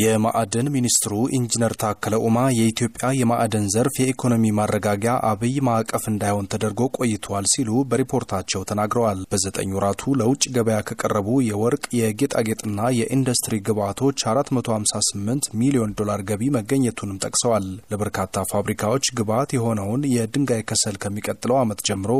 የማዕድን ሚኒስትሩ ኢንጂነር ታከለ ኡማ የኢትዮጵያ የማዕድን ዘርፍ የኢኮኖሚ ማረጋጊያ አብይ ማዕቀፍ እንዳይሆን ተደርጎ ቆይቷል ሲሉ በሪፖርታቸው ተናግረዋል። በዘጠኝ ወራቱ ለውጭ ገበያ ከቀረቡ የወርቅ የጌጣጌጥና የኢንዱስትሪ ግብዓቶች 458 ሚሊዮን ዶላር ገቢ መገኘቱንም ጠቅሰዋል። ለበርካታ ፋብሪካዎች ግብዓት የሆነውን የድንጋይ ከሰል ከሚቀጥለው ዓመት ጀምሮ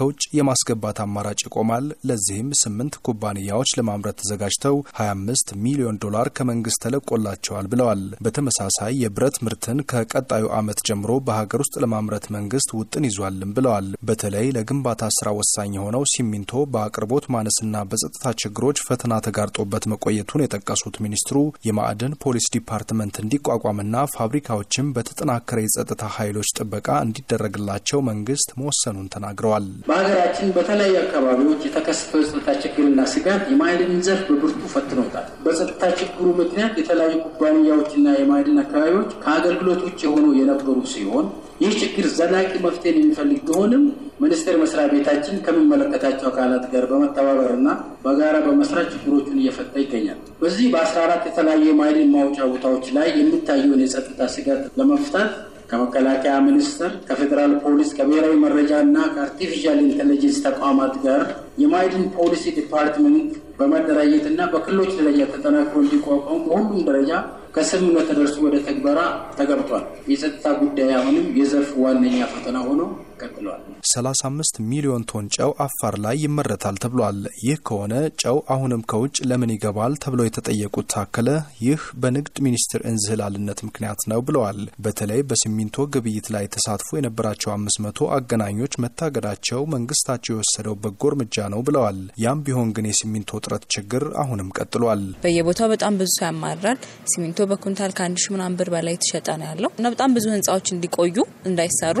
ከውጭ የማስገባት አማራጭ ይቆማል። ለዚህም ስምንት ኩባንያዎች ለማምረት ተዘጋጅተው 25 ሚሊዮን ዶላር ከመንግስት ተለቆ ተፈጥሮላቸዋል ብለዋል። በተመሳሳይ የብረት ምርትን ከቀጣዩ ዓመት ጀምሮ በሀገር ውስጥ ለማምረት መንግስት ውጥን ይዟልም ብለዋል። በተለይ ለግንባታ ስራ ወሳኝ የሆነው ሲሚንቶ በአቅርቦት ማነስና በጸጥታ ችግሮች ፈተና ተጋርጦበት መቆየቱን የጠቀሱት ሚኒስትሩ የማዕድን ፖሊስ ዲፓርትመንት እንዲቋቋምና ፋብሪካዎችም በተጠናከረ የጸጥታ ኃይሎች ጥበቃ እንዲደረግላቸው መንግስት መወሰኑን ተናግረዋል። በሀገራችን በተለያዩ አካባቢዎች የተከሰተው የጸጥታ ችግርና ስጋት የማዕድን ዘርፍ በብርቱ ፈትኖታል። በጸጥታ ችግሩ ምክንያት የተለያዩ የነዳጅ ኩባንያዎችና የማዕድን አካባቢዎች ከአገልግሎት ውጭ የሆኑ የነበሩ ሲሆን ይህ ችግር ዘላቂ መፍትሄን የሚፈልግ ቢሆንም ሚኒስቴር መስሪያ ቤታችን ከሚመለከታቸው አካላት ጋር በመተባበርና በጋራ በመስራት ችግሮቹን እየፈታ ይገኛል። በዚህ በ14 የተለያዩ የማዕድን ማውጫ ቦታዎች ላይ የሚታየውን የጸጥታ ስጋት ለመፍታት ከመከላከያ ሚኒስቴር፣ ከፌዴራል ፖሊስ፣ ከብሔራዊ መረጃ እና ከአርቲፊሻል ኢንቴሊጀንስ ተቋማት ጋር የማይድን ፖሊሲ ዲፓርትመንት በመደራጀት እና በክልሎች ደረጃ ተጠናክሮ እንዲቋቋሙ በሁሉም ደረጃ ከስምምነት ተደርሶ ወደ ተግበራ ተገብቷል። የጸጥታ ጉዳይ አሁንም የዘርፍ ዋነኛ ፈተና ሆኖ ቀጥሏል። 35 ሚሊዮን ቶን ጨው አፋር ላይ ይመረታል ተብሏል። ይህ ከሆነ ጨው አሁንም ከውጭ ለምን ይገባል ተብለው የተጠየቁት ታከለ ይህ በንግድ ሚኒስቴር እንዝህላልነት ምክንያት ነው ብለዋል። በተለይ በሲሚንቶ ግብይት ላይ ተሳትፎ የነበራቸው 500 አገናኞች መታገዳቸው መንግስታቸው የወሰደው በጎ እርምጃ ነው ብለዋል። ያም ቢሆን ግን የሲሚንቶ እጥረት ችግር አሁንም ቀጥሏል። በየቦታው በጣም ብዙ ሰው ያማራል። ሲሚንቶ በኩንታል ከአንድ ሺ ምናምን ብር በላይ የተሸጠ ነው ያለው እና በጣም ብዙ ህንጻዎች እንዲቆዩ እንዳይሰሩ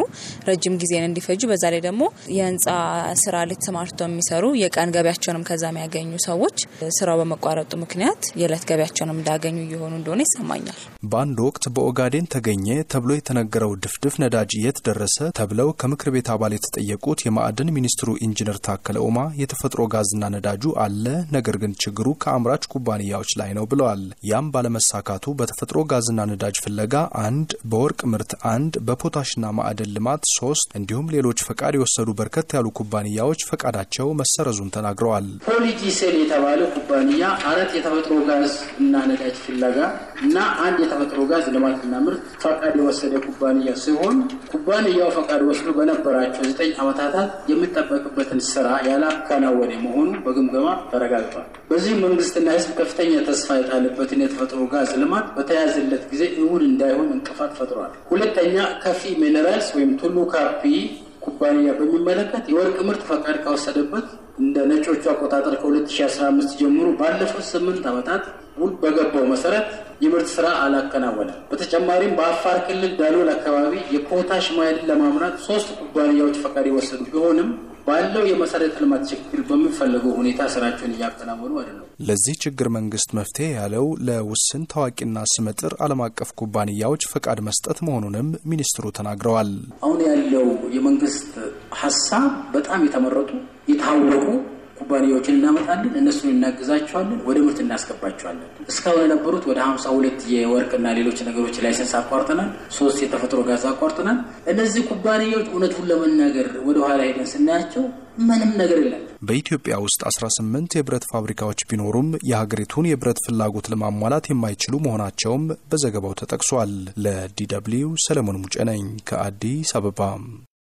ረጅም ጊዜን እንዲፈጁ በዛ ደግሞ የህንፃ ስራ ላይ ተሰማርተው የሚሰሩ የቀን ገቢያቸውንም ከዛ የሚያገኙ ሰዎች ስራው በመቋረጡ ምክንያት የዕለት ገቢያቸውንም እንዳያገኙ እየሆኑ እንደሆነ ይሰማኛል። በአንድ ወቅት በኦጋዴን ተገኘ ተብሎ የተነገረው ድፍድፍ ነዳጅ የት ደረሰ ተብለው ከምክር ቤት አባል የተጠየቁት የማዕድን ሚኒስትሩ ኢንጂነር ታከለ ኡማ የተፈጥሮ ጋዝና ነዳጁ አለ፣ ነገር ግን ችግሩ ከአምራች ኩባንያዎች ላይ ነው ብለዋል። ያም ባለመሳካቱ በተፈጥሮ ጋዝና ነዳጅ ፍለጋ አንድ፣ በወርቅ ምርት አንድ፣ በፖታሽና ማዕድን ልማት ሶስት እንዲሁም ሌሎች ፈቃድ ፈቃድ የወሰዱ በርከት ያሉ ኩባንያዎች ፈቃዳቸው መሰረዙን ተናግረዋል። ፖሊቲሴል የተባለ ኩባንያ አራት የተፈጥሮ ጋዝ እና ነዳጅ ፍለጋ እና አንድ የተፈጥሮ ጋዝ ልማትና ምርት ፈቃድ የወሰደ ኩባንያ ሲሆን ኩባንያው ፈቃድ ወስዶ በነበራቸው ዘጠኝ ዓመታታት የሚጠበቅበትን ስራ ያላከናወነ መሆኑ በግምገማ ተረጋግጧል። በዚህ መንግስትና ህዝብ ከፍተኛ ተስፋ የጣለበትን የተፈጥሮ ጋዝ ልማት በተያዘለት ጊዜ እውን እንዳይሆን እንቅፋት ፈጥሯል። ሁለተኛ ከፊ ሚነራልስ ወይም ቱሉ ካፒ ኩባንያ በሚመለከት የወርቅ ምርት ፈቃድ ካወሰደበት እንደ ነጮቹ አቆጣጠር ከ2015 ጀምሮ ባለፉት ስምንት ዓመታት ውል በገባው መሰረት የምርት ስራ አላከናወነም። በተጨማሪም በአፋር ክልል ዳሎል አካባቢ የፖታሽ ማዕድን ለማምራት ሶስት ኩባንያዎች ፈቃድ የወሰዱ ቢሆንም ባለው የመሰረተ ልማት ችግር በሚፈለገው ሁኔታ ስራቸውን እያከናወኑ አይደለም። ለዚህ ችግር መንግስት መፍትሄ ያለው ለውስን ታዋቂና ስመጥር ዓለም አቀፍ ኩባንያዎች ፈቃድ መስጠት መሆኑንም ሚኒስትሩ ተናግረዋል። አሁን ያለው የመንግስት ሀሳብ በጣም የተመረጡ የታወቁ ኩባንያዎችን እናመጣለን፣ እነሱን እናግዛቸዋለን፣ ወደ ምርት እናስገባቸዋለን። እስካሁን የነበሩት ወደ ሀምሳ ሁለት የወርቅና ሌሎች ነገሮች ላይሰንስ አቋርጠናል፣ ሶስት የተፈጥሮ ጋዝ አቋርጠናል። እነዚህ ኩባንያዎች እውነቱን ለመናገር ወደኋላ ሄደን ስናያቸው ምንም ነገር የለም። በኢትዮጵያ ውስጥ 18 የብረት ፋብሪካዎች ቢኖሩም የሀገሪቱን የብረት ፍላጎት ለማሟላት የማይችሉ መሆናቸውም በዘገባው ተጠቅሷል። ለዲ ደብልዩ ሰለሞን ሙጨ ነኝ ከአዲስ አበባ።